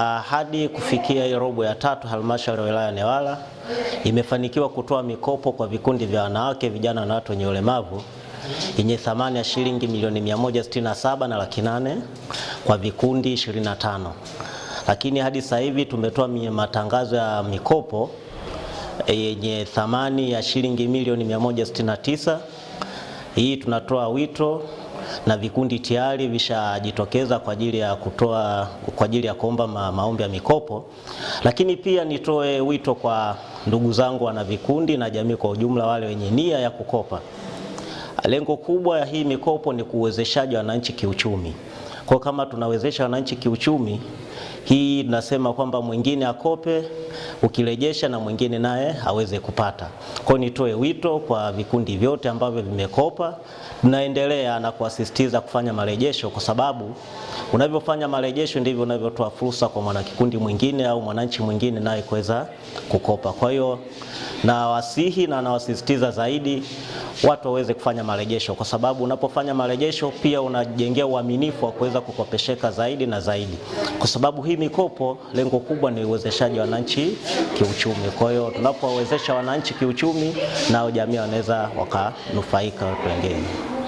Uh, hadi kufikia robo ya tatu halmashauri ya wilaya Newala imefanikiwa kutoa mikopo kwa vikundi vya wanawake, vijana na watu wenye ulemavu yenye thamani ya shilingi milioni 167 na laki nane kwa vikundi 25, lakini hadi sasa hivi tumetoa matangazo ya mikopo eh, yenye thamani ya shilingi milioni 169. Hii tunatoa wito na vikundi tayari vishajitokeza kwa ajili ya kutoa kwa ajili ya kuomba ma, maombi ya mikopo. Lakini pia nitoe wito kwa ndugu zangu wana vikundi na jamii kwa ujumla, wale wenye nia ya kukopa. Lengo kubwa ya hii mikopo ni kuwezeshaji wananchi kiuchumi. Kwa kama tunawezesha wananchi kiuchumi, hii nasema kwamba mwingine akope, ukirejesha na mwingine naye aweze kupata. Kwa nitoe wito kwa vikundi vyote ambavyo vimekopa, tunaendelea na kuasisitiza kufanya marejesho, kwa sababu unavyofanya marejesho ndivyo unavyotoa fursa kwa mwanakikundi mwingine au mwananchi mwingine naye kuweza kukopa. Kwa hiyo na wasihi na nawasisitiza zaidi watu waweze kufanya marejesho, kwa sababu unapofanya marejesho pia unajengea uaminifu wa kuweza kukopesheka zaidi na zaidi, kwa sababu hii mikopo lengo kubwa ni uwezeshaji wa wananchi kiuchumi. Kwa hiyo tunapowawezesha wananchi kiuchumi, nao jamii wanaweza wakanufaika watu wengine.